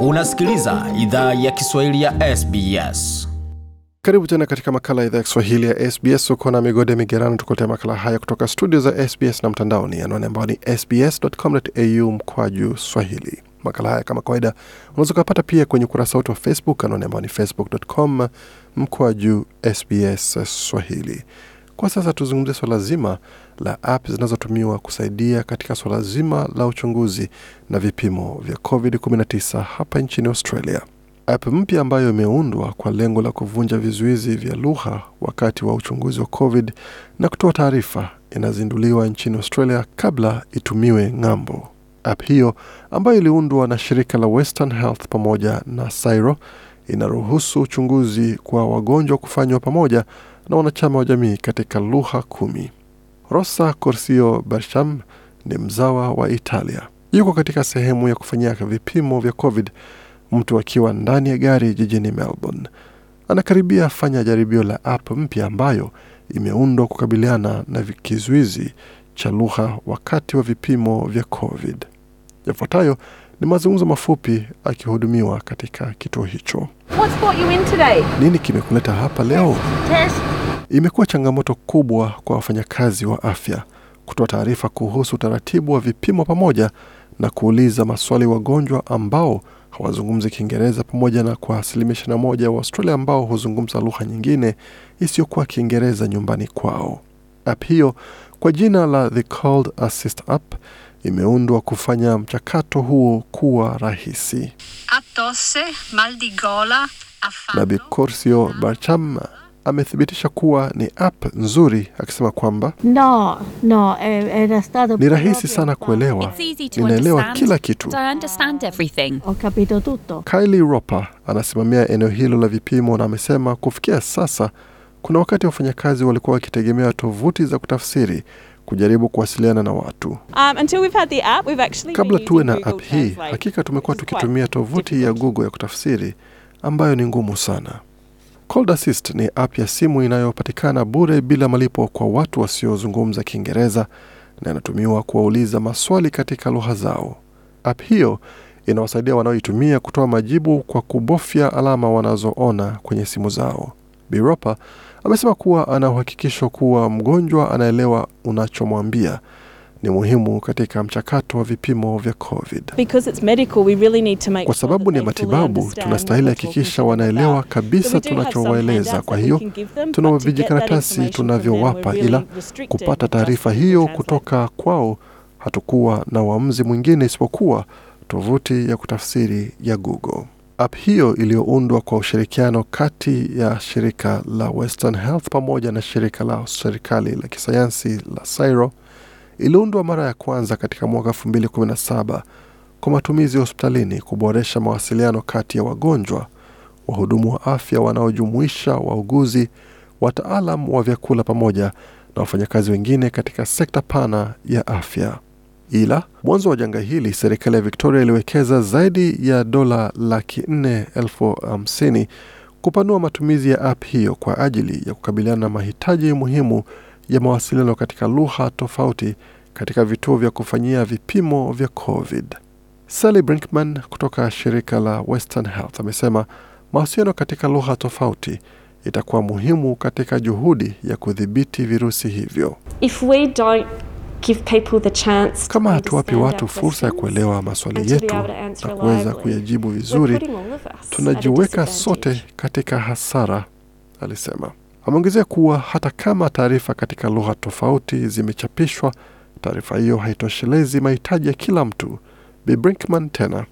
Unasikiliza idhaa ya Kiswahili ya SBS. Karibu tena katika makala ya idhaa ya Kiswahili ya SBS. Uko na Migode Migerano tukuletea makala haya kutoka studio za SBS na mtandaoni, anwani ambayo ni sbs.com.au mkwaju swahili. Makala haya kama kawaida unaweza ukapata pia kwenye ukurasa wetu wa Facebook, anwani ambayo ni facebook.com mkwaju sbs swahili kwa sasa tuzungumzie swala zima la app zinazotumiwa kusaidia katika swala zima la uchunguzi na vipimo vya COVID-19 hapa nchini Australia. App mpya ambayo imeundwa kwa lengo la kuvunja vizuizi vya lugha wakati wa uchunguzi wa COVID na kutoa taarifa inazinduliwa nchini Australia kabla itumiwe ng'ambo. App hiyo ambayo iliundwa na shirika la Western Health pamoja na Sairo inaruhusu uchunguzi kwa wagonjwa kufanywa pamoja na wanachama wa jamii katika lugha kumi. Rosa Corsio Bersham ni mzawa wa Italia. Yuko katika sehemu ya kufanyia vipimo vya COVID, mtu akiwa ndani ya gari jijini Melbourne. Anakaribia fanya jaribio la app mpya ambayo imeundwa kukabiliana na kizuizi cha lugha wakati wa vipimo vya COVID. Yafuatayo ni mazungumzo mafupi akihudumiwa katika kituo hicho. Nini kimekuleta hapa leo? Test. Imekuwa changamoto kubwa kwa wafanyakazi wa afya kutoa taarifa kuhusu utaratibu wa vipimo pamoja na kuuliza maswali wagonjwa ambao hawazungumzi Kiingereza pamoja na kwa asilimia ishirini na moja wa Australia ambao huzungumza lugha nyingine isiyokuwa Kiingereza nyumbani kwao. App hiyo kwa jina la The Cold Assist App imeundwa kufanya mchakato huo kuwa rahisi. Atose, maldigola, afando, Corsio Barcham amethibitisha kuwa ni app nzuri, akisema kwamba no, no, eh, eh, ni rahisi sana kuelewa, ninaelewa kila kitu. Oh, Kylie Roper anasimamia eneo hilo la vipimo na amesema kufikia sasa kuna wakati wafanyakazi walikuwa wakitegemea tovuti za kutafsiri kujaribu kuwasiliana na watu. Um, until we've had the app, we've actually kabla tuwe na app hii, hakika tumekuwa tukitumia tovuti ya Google ya kutafsiri ambayo ni ngumu sana. Cold Assist ni app ya simu inayopatikana bure bila malipo kwa watu wasiozungumza Kiingereza na inatumiwa kuwauliza maswali katika lugha zao. App hiyo inawasaidia wanaoitumia kutoa majibu kwa kubofya alama wanazoona kwenye simu zao. Biropa amesema kuwa ana uhakikisho kuwa mgonjwa anaelewa unachomwambia ni muhimu katika mchakato wa vipimo vya COVID. Medical, really sure kwa sababu ni matibabu, tunastahili hakikisha wanaelewa kabisa tunachowaeleza. Kwa hiyo tuna vijikaratasi tunavyowapa, ila kupata taarifa hiyo kutoka kwao hatukuwa na uamuzi mwingine isipokuwa tovuti ya kutafsiri ya Google. App hiyo iliyoundwa kwa ushirikiano kati ya shirika la Western Health pamoja na shirika la serikali la kisayansi la CSIRO iliundwa mara ya kwanza katika mwaka 2017 kwa matumizi hospitalini kuboresha mawasiliano kati ya wagonjwa, wahudumu wa afya wanaojumuisha wauguzi, wataalam wa vyakula pamoja na wafanyakazi wengine katika sekta pana ya afya. Ila mwanzo wa janga hili, serikali ya Victoria iliwekeza zaidi ya dola laki nne elfu hamsini kupanua matumizi ya app hiyo kwa ajili ya kukabiliana na mahitaji muhimu ya mawasiliano katika lugha tofauti katika vituo vya kufanyia vipimo vya COVID. Sally Brinkman kutoka shirika la Western Health amesema mawasiliano katika lugha tofauti itakuwa muhimu katika juhudi ya kudhibiti virusi hivyo. If we don't give people the chance, kama hatuwapi watu fursa ya kuelewa maswali yetu na kuweza kuyajibu vizuri, tunajiweka sote katika hasara, alisema. Wameongezea kuwa hata kama taarifa katika lugha tofauti zimechapishwa, taarifa hiyo haitoshelezi mahitaji ya kila mtu. Bi Brinkman tena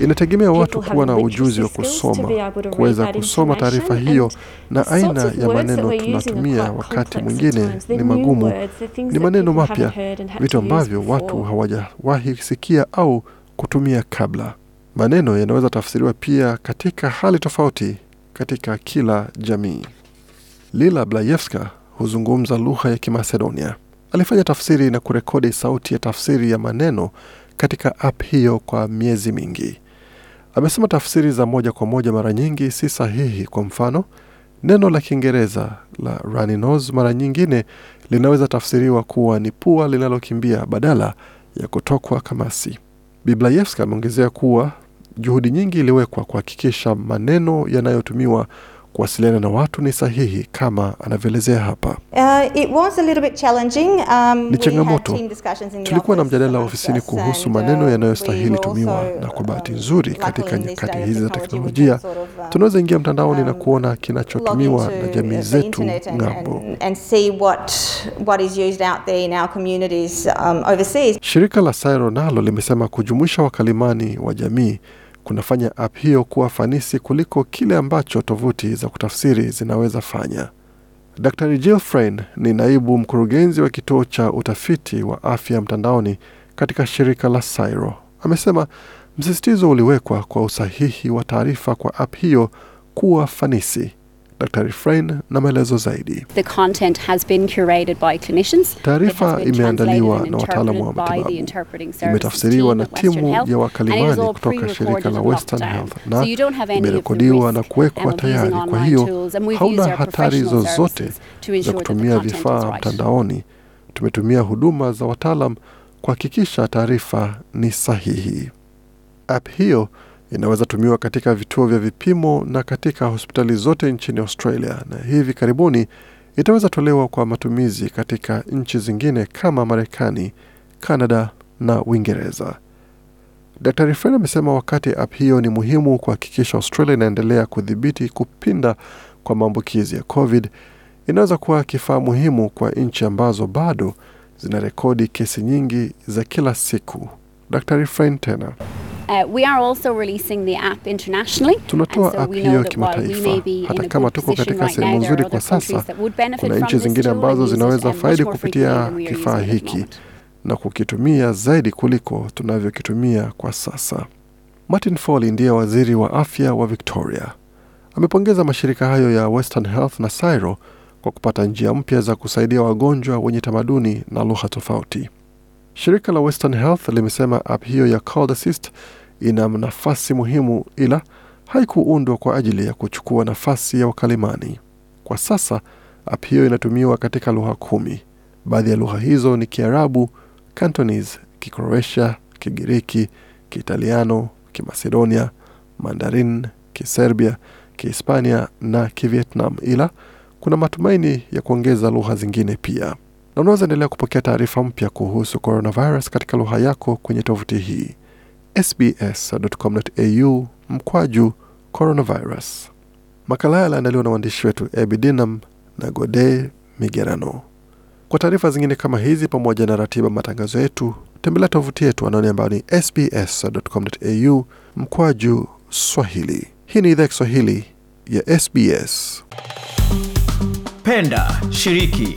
inategemea watu kuwa na ujuzi wa kusoma, kuweza kusoma taarifa hiyo, na aina ya maneno tunatumia wakati mwingine ni magumu, ni maneno mapya, vitu ambavyo watu hawajawahi sikia au kutumia kabla. Maneno yanaweza tafsiriwa pia katika hali tofauti katika kila jamii. Lila Blayevska huzungumza lugha ya Kimasedonia. Alifanya tafsiri na kurekodi sauti ya tafsiri ya maneno katika app hiyo kwa miezi mingi. Amesema tafsiri za moja kwa moja mara nyingi si sahihi. Kwa mfano, neno la Kiingereza la runny nose mara nyingine linaweza tafsiriwa kuwa ni pua linalokimbia badala ya kutokwa kamasi. Biblayevska ameongezea kuwa juhudi nyingi iliwekwa kuhakikisha maneno yanayotumiwa kuwasiliana na watu ni sahihi kama anavyoelezea hapa. Uh, it was a little bit challenging. Um, ni changamoto. Tulikuwa na mjadala wa ofisini kuhusu maneno uh, yanayostahili tumiwa, na kwa uh, bahati nzuri katika uh, nyakati hizi za teknolojia tunaweza ingia mtandaoni na um, kuona kinachotumiwa na jamii zetu ng'ambo. Um, Shirika la Sairo nalo limesema kujumuisha wakalimani wa jamii kunafanya app hiyo kuwa fanisi kuliko kile ambacho tovuti za kutafsiri zinaweza fanya. Dr. Jill ni naibu mkurugenzi wa kituo cha utafiti wa afya mtandaoni katika shirika la Siro. Amesema msisitizo uliwekwa kwa usahihi wa taarifa kwa app hiyo kuwa fanisi. Daktari Frein na maelezo zaidi. Taarifa imeandaliwa na wataalamu wa matibabu, imetafsiriwa na timu ya wakalimani kutoka shirika la Western Health na so imerekodiwa na kuwekwa tayari. Kwa hiyo hauna hatari zozote za kutumia vifaa mtandaoni. Tumetumia huduma za wataalam kuhakikisha taarifa ni sahihi. App hiyo inaweza tumiwa katika vituo vya vipimo na katika hospitali zote nchini Australia, na hivi karibuni itaweza tolewa kwa matumizi katika nchi zingine kama Marekani, Kanada na Uingereza. dr Fren amesema wakati app hiyo ni muhimu kuhakikisha Australia inaendelea kudhibiti kupinda kwa maambukizi ya COVID, inaweza kuwa kifaa muhimu kwa nchi ambazo bado zinarekodi kesi nyingi za kila siku. Dr Fren tena Uh, Tunatoa app hiyo kimataifa. Hata kama tuko katika sehemu nzuri kwa sasa, kuna nchi zingine ambazo zinaweza faidi kupitia kifaa hiki na kukitumia zaidi kuliko tunavyokitumia kwa sasa. Martin Foley ndiye waziri wa afya wa Victoria. Amepongeza mashirika hayo ya Western Health na Cairo kwa kupata njia mpya za kusaidia wagonjwa wenye tamaduni na lugha tofauti. Shirika la Western Health limesema app hiyo ya Cold Assist ina nafasi muhimu, ila haikuundwa kwa ajili ya kuchukua nafasi ya wakalimani. Kwa sasa app hiyo inatumiwa katika lugha kumi. Baadhi ya lugha hizo ni Kiarabu, Cantonese, Kikroatia, Kigiriki, Kiitaliano, Kimacedonia, Mandarin, Kiserbia, Kihispania na Kivietnam, ila kuna matumaini ya kuongeza lugha zingine pia na unaweza endelea kupokea taarifa mpya kuhusu coronavirus katika lugha yako kwenye tovuti hii sbs.com.au mkwaju coronavirus. Makala haya yaliandaliwa na waandishi wetu Abi Dinam na Gode Migerano. Kwa taarifa zingine kama hizi pamoja na ratiba matangazo yetu, tembelea tovuti yetu anaoni ambayo ni sbs.com.au mkwaju swahili. Hii ni idhaa ya Kiswahili ya SBS. Penda, shiriki,